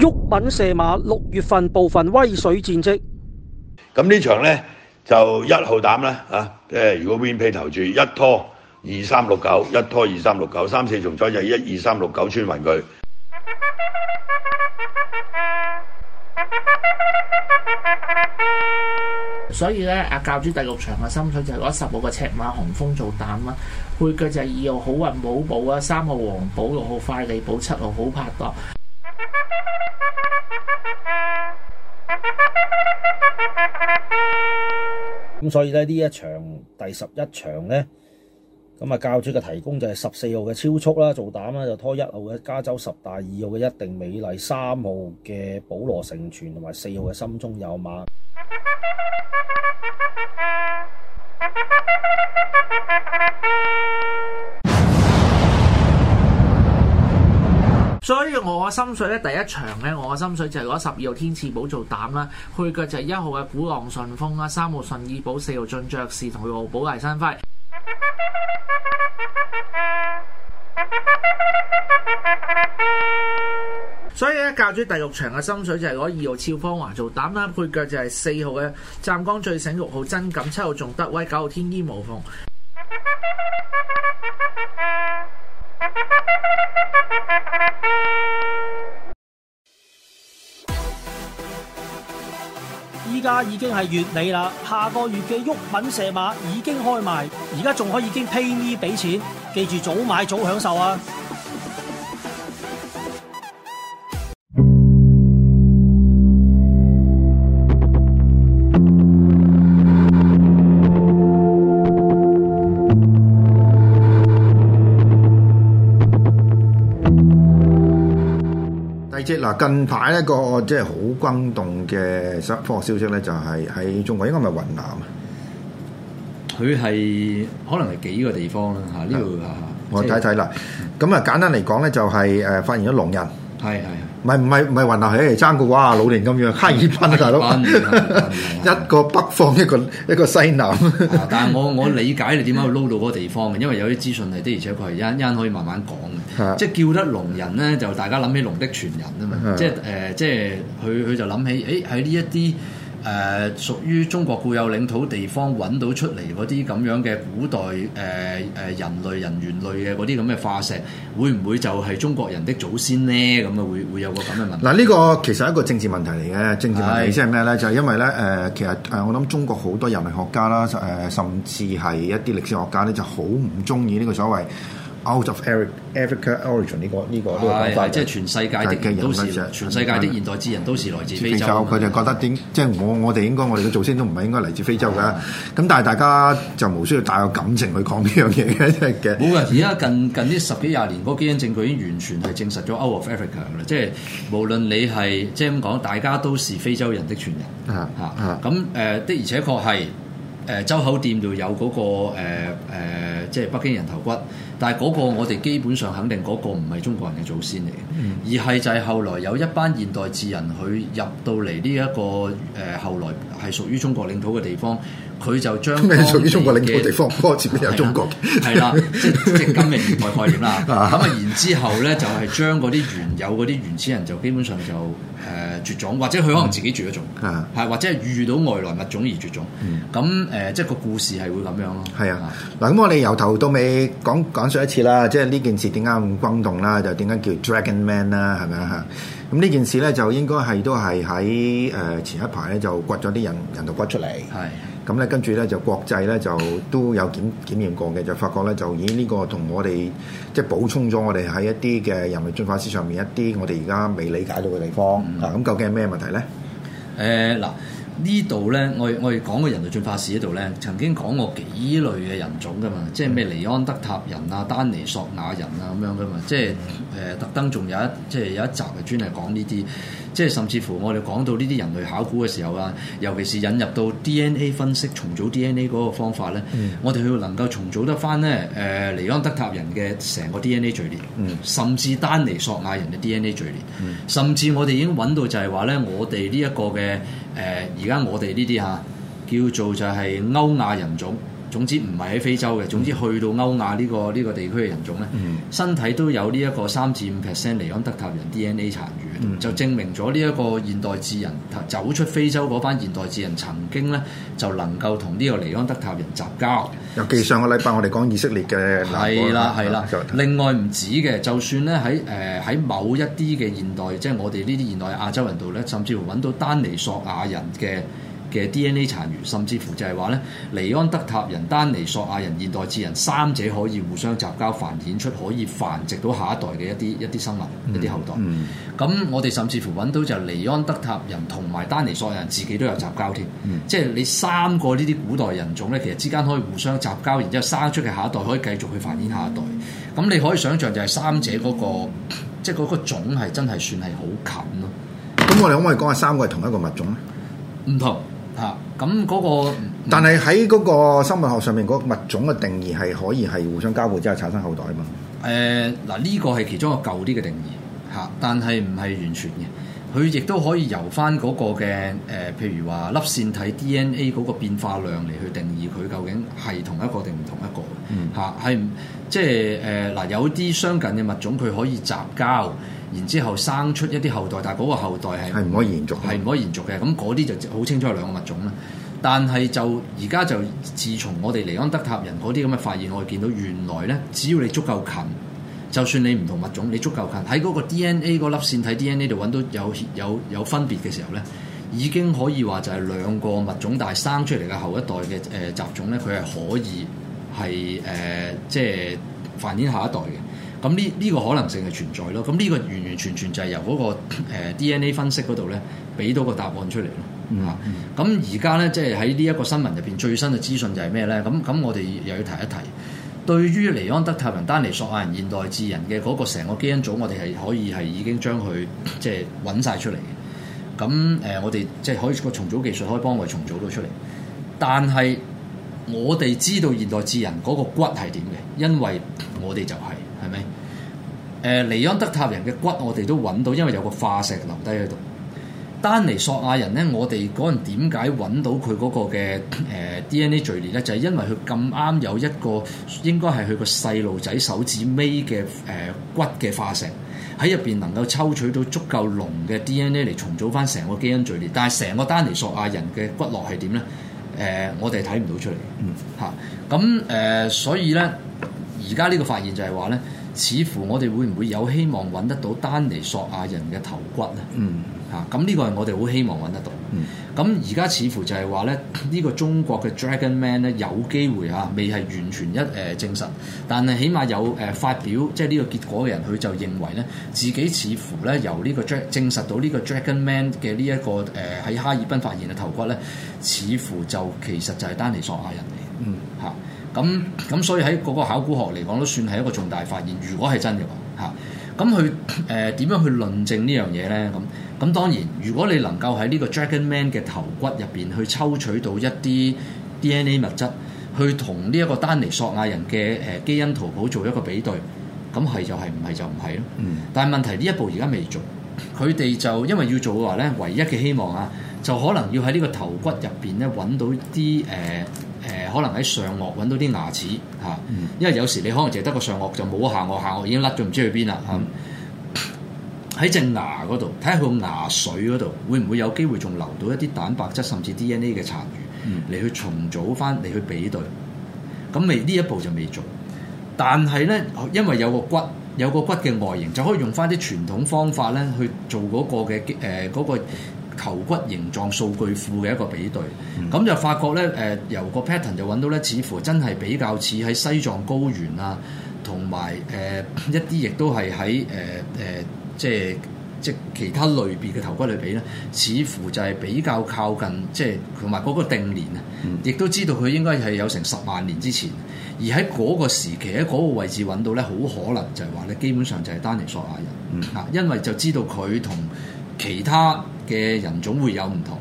沃品射馬六月份部分威水戰績。咁呢場咧，就一號膽啦，啊，誒，如果 v n P 投注一拖二三六九，一拖二三六九，三四重彩就一二三六九穿匀佢。所以咧，阿教主第六場嘅心水就攞十號嘅赤馬紅峰做膽啦，配腳就係二號好運寶寶啊，三號黃寶，六號快利寶，七號好拍檔。咁所以咧，呢一場第十一場呢，咁啊教主嘅提供就係十四號嘅超速啦，做膽啦，就拖一號嘅加州十大，二號嘅一定美麗，三號嘅保羅成全同埋四號嘅心中有馬。我嘅心水咧，第一場咧，我嘅心水就係攞十二號天賜寶做膽啦，配腳就係一號嘅鼓浪順風啦，三號順意寶，四號進爵士，同六號寶麗生輝。 所以咧，教主第六場嘅心水就係攞二號超芳華做膽啦，配腳就係四號嘅湛江最醒，六號真錦，七號仲德威，九號天衣無縫。家已經係月尾啦，下個月嘅月費密碼已經開賣，而家仲可以經 pay me 俾錢，記住早買早享受啊！近排一個即係好轟動嘅科學消息咧，就係喺中國，應該唔係雲南啊？佢係可能係幾個地方啦嚇，呢度啊，就係、我睇睇啦。咁啊，簡單嚟講咧，就係誒發現咗龍人。係係，唔係唔係唔係雲南，係爭嘅哇，老年咁樣哈爾濱啊大佬哥， 一個北方，一個一個西南。但係我我理解你點解會撈到嗰個地方嘅，因為有啲資訊係的，而且佢係一陣一陣可以慢慢講嘅。的即係叫得龍人咧，就大家諗起龍的傳人啊嘛的、呃。即係誒，即係佢佢就諗起，誒喺呢一啲。誒、呃、屬於中國固有領土地方揾到出嚟嗰啲咁樣嘅古代誒誒、呃、人類人猿類嘅嗰啲咁嘅化石，會唔會就係中國人的祖先呢？咁啊會會有個咁嘅問題。嗱呢、呢個其實係一個政治問題嚟嘅，政治問題意思係咩呢？就係、是、因為呢，誒、呃，其實誒、呃、我諗中國好多人類學家啦，誒、呃、甚至係一啲歷史學家呢，就好唔中意呢個所謂 Out of Africa, Africa origin 呢、呢個呢、呢個呢個即係全世界的都、就是，全世界的現代智人都是來自非洲。佢就覺得點？即係我我哋應該我哋嘅祖先都唔係應該嚟自非洲㗎。咁但係大家就無需要帶有感情去講呢樣嘢嘅。冇嘅 transparency，而家近近呢十幾廿年，個基因證據已經完全係證實咗 Out of Africa 嘅啦、啊。即係無論你係即係咁講，大家都是非洲人的傳人嚇嚇。咁誒樂的而且確係。誒周、呃、口店就有嗰、那個誒、呃呃、即係北京人頭骨，但係嗰個我哋基本上肯定嗰個唔係中國人嘅祖先嚟嘅。嗯、而係就係後來有一班現代智人佢入到嚟呢一個誒、呃、後來係屬於中國領土嘅地方。佢就將屬於中國另一個地方，波前面有中國嘅，係啦，即係今日外代概念啦。咁啊，然之後咧就係將嗰啲原有嗰啲原始人就基本上就誒絕種，或者佢可能自己絕咗種，係或者係遇到外來物種而絕種。咁誒，即係個故事係會咁樣咯。係啊，嗱，咁我哋由頭到尾講講述一次啦。即係呢件事點解咁轟動啦？就點解叫 Dragon Man 啦？係咪啊？咁呢件事咧就應該係都係喺誒前一排咧就掘咗啲人人頭掘出嚟。係。咁咧，跟住咧就國際咧就都有檢檢驗過嘅，就發覺咧就以呢個同我哋即係補充咗我哋喺一啲嘅人類進化史上面一啲我哋而家未理解到嘅地方，嗱咁、嗯嗯嗯、究竟係咩問題咧？誒嗱、嗯。呢度呢，我我哋講個人類進化史喺度呢，曾經講過幾類嘅人種㗎嘛，即係咩尼安德塔人啊、丹尼索瓦人啊咁樣㗎嘛，即係、呃、特登仲有一即係有一集嘅專係講呢啲，即係甚至乎我哋講到呢啲人類考古嘅時候啊，尤其是引入到 D N A 分析、重組 D N A 嗰個方法呢，嗯、我哋要能夠重組得翻呢誒、呃、尼安德塔人嘅成個 D N A 序列，嗯、甚至丹尼索瓦人嘅 D N A 序列，嗯、甚至我哋已經揾到就係話呢，我哋呢一個嘅。誒，而家、呃、我哋呢啲嚇叫做就係歐亞人種。總之唔係喺非洲嘅，總之去到歐亞呢個呢個地區嘅人種咧，mm hmm. 身體都有呢一個三至五 percent 尼安德塔人 DNA 殘餘，mm hmm. 就證明咗呢一個現代智人走出非洲嗰班現代智人曾經咧，就能夠同呢個尼安德塔人雜交。尤其上個禮拜我哋講以色列嘅，係啦，係啦。另外唔止嘅，就算咧喺誒喺某一啲嘅現代，即係我哋呢啲現代亞洲人度咧，甚至乎揾到丹尼索瓦人嘅嘅 DNA 殘餘，甚至乎就係話咧，尼安德塔人、丹尼索亞人、現代智人三者可以互相雜交，繁衍出可以繁殖到下一代嘅一啲一啲生物、一啲後代。咁、嗯嗯、我哋甚至乎揾到就尼安德塔人同埋丹尼索亞人自己都有雜交添，嗯、即係你三個呢啲古代人種咧，其實之間可以互相雜交，然之後生出嘅下一代可以繼續去繁衍下一代。咁你可以想像就係三者嗰、那個，即係嗰個種係真係算係好近咯。咁我哋可唔可以講下三個係同一個物種咧？唔同。啊！咁嗰、嗯、但係喺嗰個生物學上面嗰物種嘅定義係可以係互相交配之後產生後代啊嘛。誒嗱、呃，呢個係其中一個舊啲嘅定義嚇，但係唔係完全嘅。佢亦都可以由翻嗰個嘅誒、呃，譬如話粒線體 DNA 嗰個變化量嚟去定義佢究竟係同一個定唔同一個。嚇係、嗯啊、即係誒嗱，有啲相近嘅物種佢可以雜交。然之後生出一啲後代，但係嗰個後代係係唔可以延續，係唔可以延續嘅。咁嗰啲就好清楚係兩個物種啦。但係就而家就自從我哋尼安德塔人嗰啲咁嘅發現，我哋見到原來咧，只要你足夠近，就算你唔同物種，你足夠近喺嗰個 DNA 嗰粒線體 DNA 度揾到有有有分別嘅時候咧，已經可以話就係兩個物種，但係生出嚟嘅後一代嘅誒雜種咧，佢係可以係誒、呃、即係繁衍下一代嘅。咁呢呢個可能性係存在咯，咁呢個完完全全就係由嗰個 DNA 分析嗰度咧，俾到個答案出嚟咯。啊、嗯，咁而家咧，即係喺呢一、就是、個新聞入邊最新嘅資訊就係咩咧？咁咁我哋又要提一提，對於尼安德特人丹尼索瓦人、現代智人嘅嗰個成個基因組，我哋係可以係已經將佢即係揾晒出嚟嘅。咁誒，我哋即係可以個重組技術可以幫我哋重組到出嚟，但係我哋知道現代智人嗰個骨係點嘅，因為我哋就係、是。係咪？誒尼安德塔人嘅骨我哋都揾到，因為有個化石留低喺度。丹尼索亞人咧，我哋嗰陣點解揾到佢嗰個嘅誒 D N A 序列咧？就係、是、因為佢咁啱有一個應該係佢個細路仔手指尾嘅誒、呃、骨嘅化石喺入邊，面能夠抽取到足夠濃嘅 D N A 嚟重組翻成個基因序列。但係成個丹尼索亞人嘅骨骼係點咧？誒、呃，我哋睇唔到出嚟。嗯， 嚇咁誒，所以咧。而家呢個發現就係話呢，似乎我哋會唔會有希望揾得到丹尼索亞人嘅頭骨咧？嗯，嚇、啊，咁呢個係我哋好希望揾得到。嗯，咁而家似乎就係話咧，呢、這個中國嘅 Dragon Man 咧，有機會嚇、啊，未係完全一誒、呃、證實，但係起碼有誒、呃、發表，即係呢個結果嘅人，佢就認為呢自己似乎咧由呢、這個證證實到呢個 Dragon Man 嘅呢一個誒喺、呃、哈爾濱發現嘅頭骨呢，似乎就其實就係丹尼索亞人嚟。嗯。咁咁所以喺個個考古學嚟講都算係一個重大發現，如果係真嘅話吓。咁佢誒點樣去論證呢樣嘢咧？咁咁當然，如果你能夠喺呢個 Dragon Man 嘅頭骨入邊去抽取到一啲 DNA 物質，去同呢一個丹尼索瓦人嘅誒、呃、基因圖譜做一個比對，咁係就係、是，唔係就唔係咯。嗯。但係問題呢一步而家未做，佢哋就因為要做嘅話咧，唯一嘅希望啊，就可能要喺呢個頭骨入邊咧揾到啲誒。呃誒可能喺上顎揾到啲牙齒嚇。嗯、因為有時你可能淨係得個上顎就冇下顎，下顎已經甩咗唔知去邊啦。喺、嗯啊、隻牙嗰度睇下佢個牙髓嗰度會唔會有機會仲留到一啲蛋白質甚至 D N A 嘅殘餘嚟、嗯、去重組翻嚟去比對，咁未呢一步就未做。但係咧，因為有個骨有個骨嘅外形就可以用翻啲傳統方法咧去做嗰個嘅誒嗰頭骨形狀數據庫嘅一個比對，咁、嗯、就發覺呢，誒、呃、由個 pattern 就揾到呢，似乎真係比較似喺西藏高原啊，同埋誒一啲亦都係喺誒誒即係即其他類別嘅頭骨嚟比呢似乎就係比較靠近，即係同埋嗰個定年啊，亦、嗯、都知道佢應該係有成十萬年之前，而喺嗰個時期喺嗰個位置揾到呢，好可能就係話呢，基本上就係丹尼索瓦人啊，嗯、因為就知道佢同其他。嘅人種會有唔同，誒、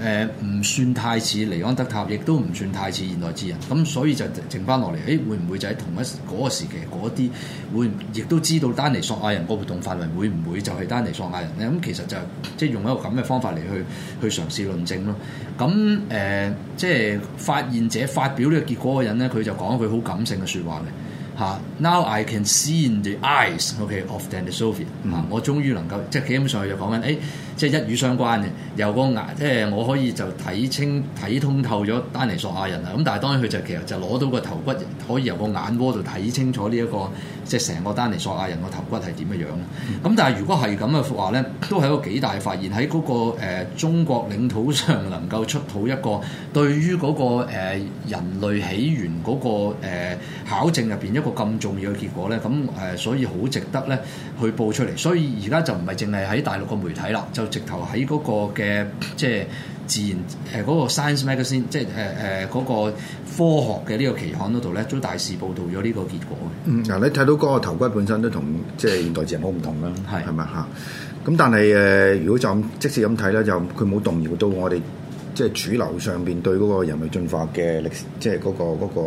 呃、唔算太似尼安德塔，亦都唔算太似現代智人，咁所以就剩翻落嚟，誒會唔會就喺同一嗰個時期嗰啲會，亦都知道丹尼索瓦人個活動範圍會唔會就係丹尼索瓦人咧？咁其實就即係、就是、用一個咁嘅方法嚟去去嘗試論證咯。咁誒即係發現者發表呢個結果嘅人咧，佢就講一句好感性嘅説話嘅嚇。Mm hmm. Now I can see in the eyes, okay, of Denisovan。我終於能夠即係基本上就講緊誒。哎即係一語相關嘅，由個眼即係我可以就睇清、睇通透咗丹尼索亞人啊！咁但係當然佢就其實就攞到個頭骨，可以由個眼窩度睇清楚呢、這、一個即係成個丹尼索亞人個頭骨係點嘅樣。咁但係如果係咁嘅話咧，都係一個幾大發現喺嗰、那個、呃、中國領土上能夠出土一個對於嗰、那個、呃、人類起源嗰、那個、呃、考證入邊一個咁重要嘅結果咧，咁誒、呃、所以好值得咧去報出嚟。所以而家就唔係淨係喺大陸嘅媒體啦，就直頭喺嗰個嘅即係自然誒嗰個 Science Magazine，即係誒誒嗰個科學嘅呢個期刊嗰度咧，都大肆報導咗呢個結果。嗯，嗱你睇到嗰個頭骨本身都同即係現代自人好唔同啦，係係咪啊？咁但係誒，如果就咁即使咁睇咧，就佢冇動搖到我哋即係主流上邊對嗰個人類進化嘅歷史，即係嗰個嗰個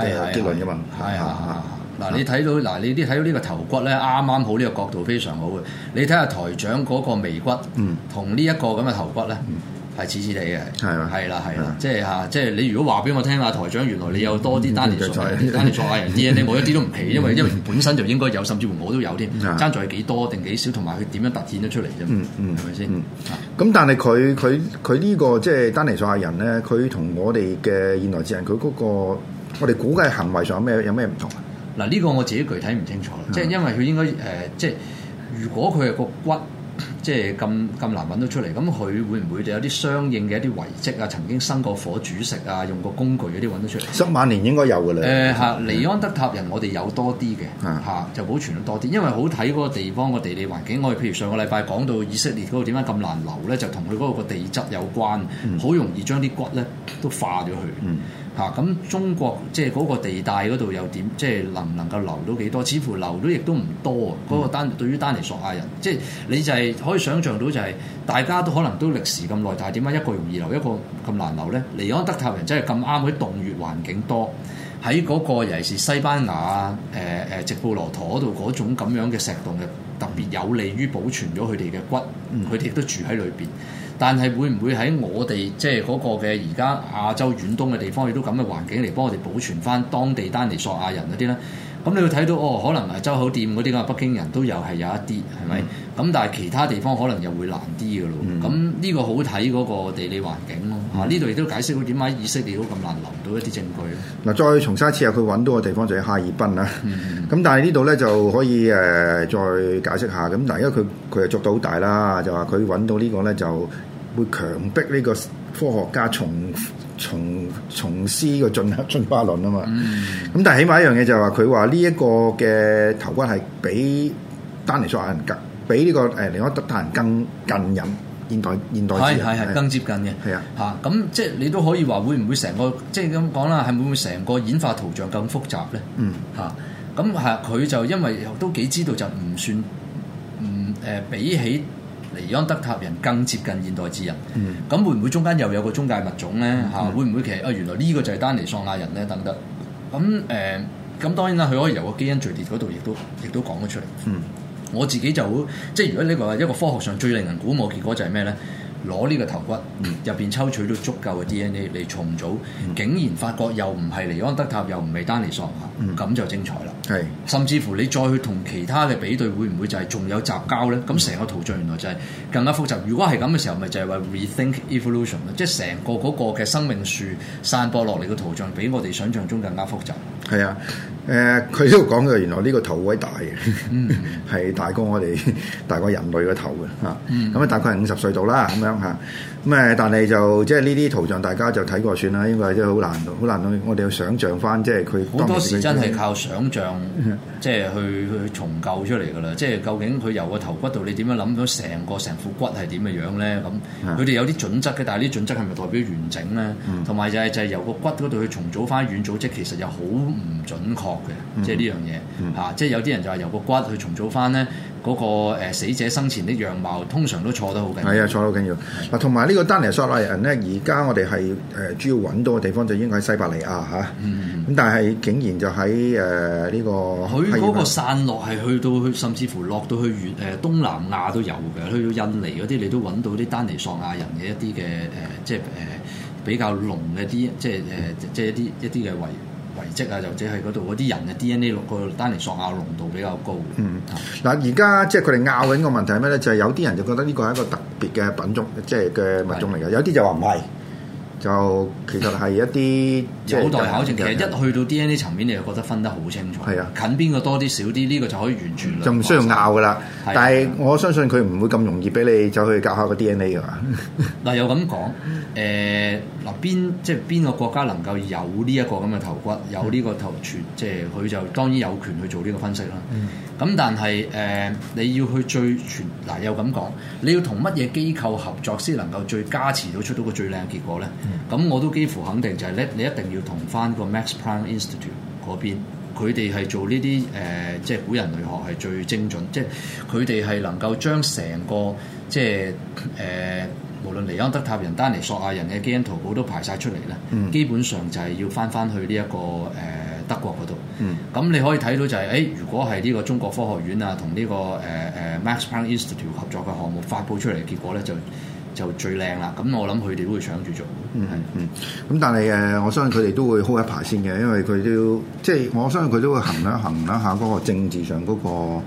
結論㗎嘛。係啊。嗱，你睇到嗱，你啲睇到呢個頭骨咧，啱啱好呢個角度非常好嘅。你睇下台長嗰個眉骨，嗯，同呢一個咁嘅頭骨咧，係似似哋嘅，係啦，係啦，係啦。即係嚇，即係你如果話俾我聽啊，台長原來你有多啲丹尼索人啲嘢，你冇一啲都唔起，因為因為本身就應該有，甚至乎我都有添。爭在係幾多定幾少，同埋佢點樣凸顯得出嚟啫？嗯，係咪先？咁但係佢佢佢呢個即係丹尼索亞人咧，佢同我哋嘅現代智人，佢嗰個我哋估計行為上有咩有咩唔同？嗱，呢個我自己具體唔清楚，即係因為佢應該誒、呃，即係如果佢係個骨，即係咁咁難揾到出嚟，咁佢會唔會就有啲相應嘅一啲遺跡啊？曾經生過火煮食啊，用過工具嗰啲揾到出嚟？十萬年應該有㗎啦。誒嚇、呃，尼安德塔人我哋有多啲嘅嚇，就保存咗多啲，因為好睇嗰個地方個地理環境。我哋譬如上個禮拜講到以色列嗰個點解咁難留咧，就同佢嗰個地質有關，好、嗯、容易將啲骨咧都化咗去。嗯嚇！咁、啊、中國即係嗰個地帶嗰度又點？即係能唔能夠留到幾多？似乎留到亦都唔多啊！嗰、嗯、個單對於丹尼索亞人，即係你就係可以想像到，就係大家都可能都歷時咁耐，但係點解一個容易留，一個咁難留咧？尼安德塔人真係咁啱喺洞穴環境多，喺嗰、那個尤其是西班牙啊、誒、呃、誒直布羅陀嗰度嗰種咁樣嘅石洞嘅，特別有利於保存咗佢哋嘅骨，佢哋亦都住喺裏邊。但係會唔會喺我哋即係嗰個嘅而家亞洲遠東嘅地方，亦都咁嘅環境嚟幫我哋保存翻當地丹尼索亞人嗰啲咧？咁你會睇到哦，可能周口店嗰啲咁北京人都又係有一啲，係咪？咁、嗯、但係其他地方可能又會難啲嘅咯。咁呢、嗯、個好睇嗰個地理環境咯。嗯、啊，呢度亦都解釋到點解以色列都咁難留到一啲證據。嗱，再重申一次，佢揾到嘅地方就係哈爾濱啦。咁、嗯、 但係呢度咧就可以誒再解釋下。咁嗱，因為佢佢係捉到好大啦，就話佢揾到呢個咧就。會強迫呢個科學家從從從施個進進化論啊嘛，咁、嗯、但係起碼一樣嘢就係話佢話呢一個嘅頭骨係比丹尼索亞人，這個呃、索亞人更比呢個誒尼安德特人更近人現代現代字係係更接近嘅係啊嚇，咁即係你都可以話，會唔會成個即係咁講啦，係會唔會成個演化圖像咁複雜咧？嗯嚇，咁係佢就因為都幾知道就唔算唔誒、呃呃、比起。尼安德塔人更接近現代智人，咁、嗯、會唔會中間又有個中介物種咧？嚇、嗯啊，會唔會其實啊，原來呢個就係丹尼索亞人咧？等等，咁誒，咁、呃、當然啦，佢可以由個基因序列嗰度，亦都亦都講咗出嚟。嗯，我自己就好，即係如果呢、呢個係一個科學上最令人鼓舞嘅結果就係咩咧？攞呢個頭骨、嗯、入邊抽取到足夠嘅 DNA 嚟重組，嗯、竟然發覺又唔係尼安德塔，又唔係丹尼索亞，咁、嗯、就精彩啦！係，甚至乎你再去同其他嘅比對，會唔會就係仲有雜交咧？咁成個圖像原來就係更加複雜，如果係咁嘅時候，咪就係、是、話 rethink evolution 咯，即係成個嗰個嘅生命樹散播落嚟嘅圖像，比我哋想象中更加複雜。係啊，誒佢都講嘅，呃、原來呢個頭位大嘅，係、嗯、 大過我哋大過人類嘅頭嘅嚇。咁、嗯、啊大概係五十歲度啦，咁樣嚇。咁、啊、誒，但係就即係呢啲圖像，大家就睇過算啦，因為真係好難到，好難到。我哋要想像翻，即係佢好多時真係靠想像，即係去去重構出嚟㗎啦。即係究竟佢由個頭骨度，你點樣諗到成個成副骨係點嘅樣咧？咁佢哋有啲準則嘅，但係呢準則係咪代表完整咧？同埋、嗯、就係就係由個骨嗰度去重組翻軟組織，其實又好。唔準確嘅，嗯嗯、即係呢樣嘢嚇，即係有啲人就話由個骨去重組翻咧，嗰、那個死者生前嘅樣貌，通常都錯得好緊要，係呀，錯得好緊要。嗱，同埋呢個丹尼索瓦人咧，而家我哋係誒主要揾到嘅地方就應該喺西伯利亞嚇，咁、啊、但係竟然就喺誒呢個，佢嗰個散落係去到去，甚至乎落到去越誒、呃、東南亞都有嘅，去到印尼嗰啲你都揾到啲丹尼索瓦人嘅一啲嘅誒，即係誒、呃、比較濃嘅啲，即係誒、呃、即係一啲一啲嘅遺。遺跡啊，又或者係嗰度嗰啲人嘅 DNA 濃個丹尼索瓦濃度比較高。嗯，嗱而家即係佢哋拗緊個問題係咩咧？就係、是、有啲人就覺得呢個係一個特別嘅品種，即係嘅物種嚟嘅，的有啲就話唔係。就其實係一啲有待考證。其實一去到 DNA 層面，你就覺得分得好清楚。係啊的，近邊個多啲少啲，呢、呢個就可以完全。就唔需要拗噶啦。的但係我相信佢唔會咁容易俾你走去搞下個 DNA 㗎。嗱，又咁講，誒嗱， 邊、呃、即係邊個國家能夠有呢一個咁嘅頭骨，有呢個頭全，即係佢就當然有權去做呢個分析啦。咁、嗯、但係誒、呃，你要去最全。嗱，又咁講，你要同乜嘢機構合作先能夠最加持到出到個最靚嘅結果咧？嗯咁我都幾乎肯定就係咧，你一定要同翻個 Max Planck Institute 嗰邊，佢哋係做呢啲誒，即係古人類學係最精準，即係佢哋係能夠將成個即係誒、呃，無論尼安德塔人、丹尼索亞人嘅基因圖譜都排晒出嚟咧。嗯、基本上就係要翻翻去呢、這、一個誒、呃、德國嗰度。咁、嗯、你可以睇到就係、是，誒、欸、如果係呢個中國科學院啊同呢、這個誒誒、呃、Max Planck Institute 合作嘅項目發佈出嚟嘅結果咧，就就最靚啦，咁我諗佢哋都會搶住做。嗯，嗯。咁是但係誒，我相信佢哋都會 hold 一排先嘅，因為佢都即係我相信佢都會衡量衡量下嗰個政治上嗰、那個誒、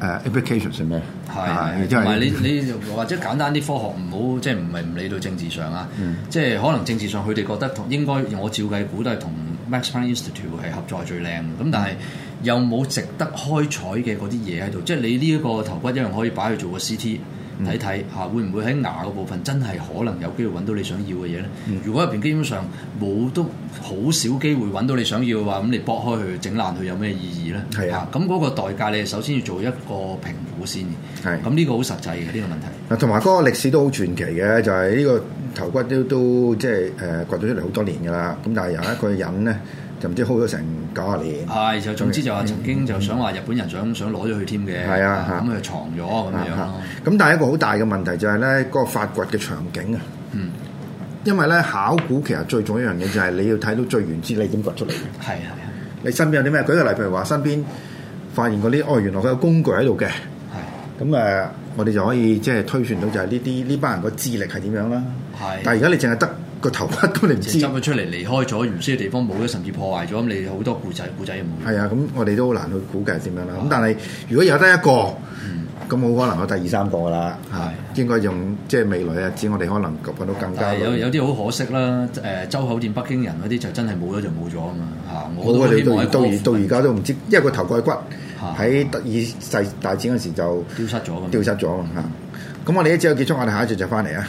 uh, applications 係咩？係，同埋、就是、你你， 你或者簡單啲科學唔好即係唔係唔理到政治上啊？即係、嗯、可能政治上佢哋覺得同應該，我照計估都係同 Max Planck Institute 係合作最靚。咁、嗯、但係又冇值得開採嘅嗰啲嘢喺度？即、就、係、是、你呢一個頭骨一樣可以擺去做個 CT。睇睇吓，會唔會喺牙嗰部分真係可能有機會揾到你想要嘅嘢咧？嗯、如果入邊基本上冇都好少機會揾到你想要嘅話，咁你剝開去整爛佢有咩意義咧？係是的 啊，咁嗰個代價，你首先要做一個評估先嘅。咁呢是的 個好實際嘅呢、呢個問題。啊，同埋嗰個歷史都好傳奇嘅，就係、是、呢個頭骨都都即係誒掘咗出嚟好多年㗎啦。咁但係有一個人咧。 就唔知好咗成九十年。係就 總之就話曾經就想話日本人想想攞咗去添嘅。係啊，咁佢就藏咗咁、啊、樣。咁、啊、但係一個好大嘅問題就係咧，嗰個發掘嘅場景啊。嗯。因為咧考古其實最重要一樣嘢就係你要睇到最原始你點掘出嚟嘅。係啊。你身邊有啲咩？舉個例，譬如話身邊發現嗰啲，哦原來佢有工具喺度嘅。係、啊。咁誒，我哋就可以即係推算到就係呢啲呢班人個智力係點樣啦。係、啊。但係而家你淨係得。個頭骨都你唔知，執咗出嚟，離開咗原先嘅地方，冇咗，甚至破壞咗，咁你好多古仔，古仔又冇。係啊，咁我哋都好難去估計點樣啦。咁是、啊、但係如果有得一個，咁好、嗯、可能有第二三個噶啦。嚇，是啊、應該用即係未來日子，我哋可能揾到更加有。有有啲好可惜啦，誒、呃，周口店北京人嗰啲就真係冇咗就冇咗啊嘛。嚇，我哋到到而家都唔知，因為個頭蓋骨喺第二次大戰嗰時就消是、啊、失咗。消失咗啊！咁我哋一節嘅結束，我哋下一節就翻嚟啊。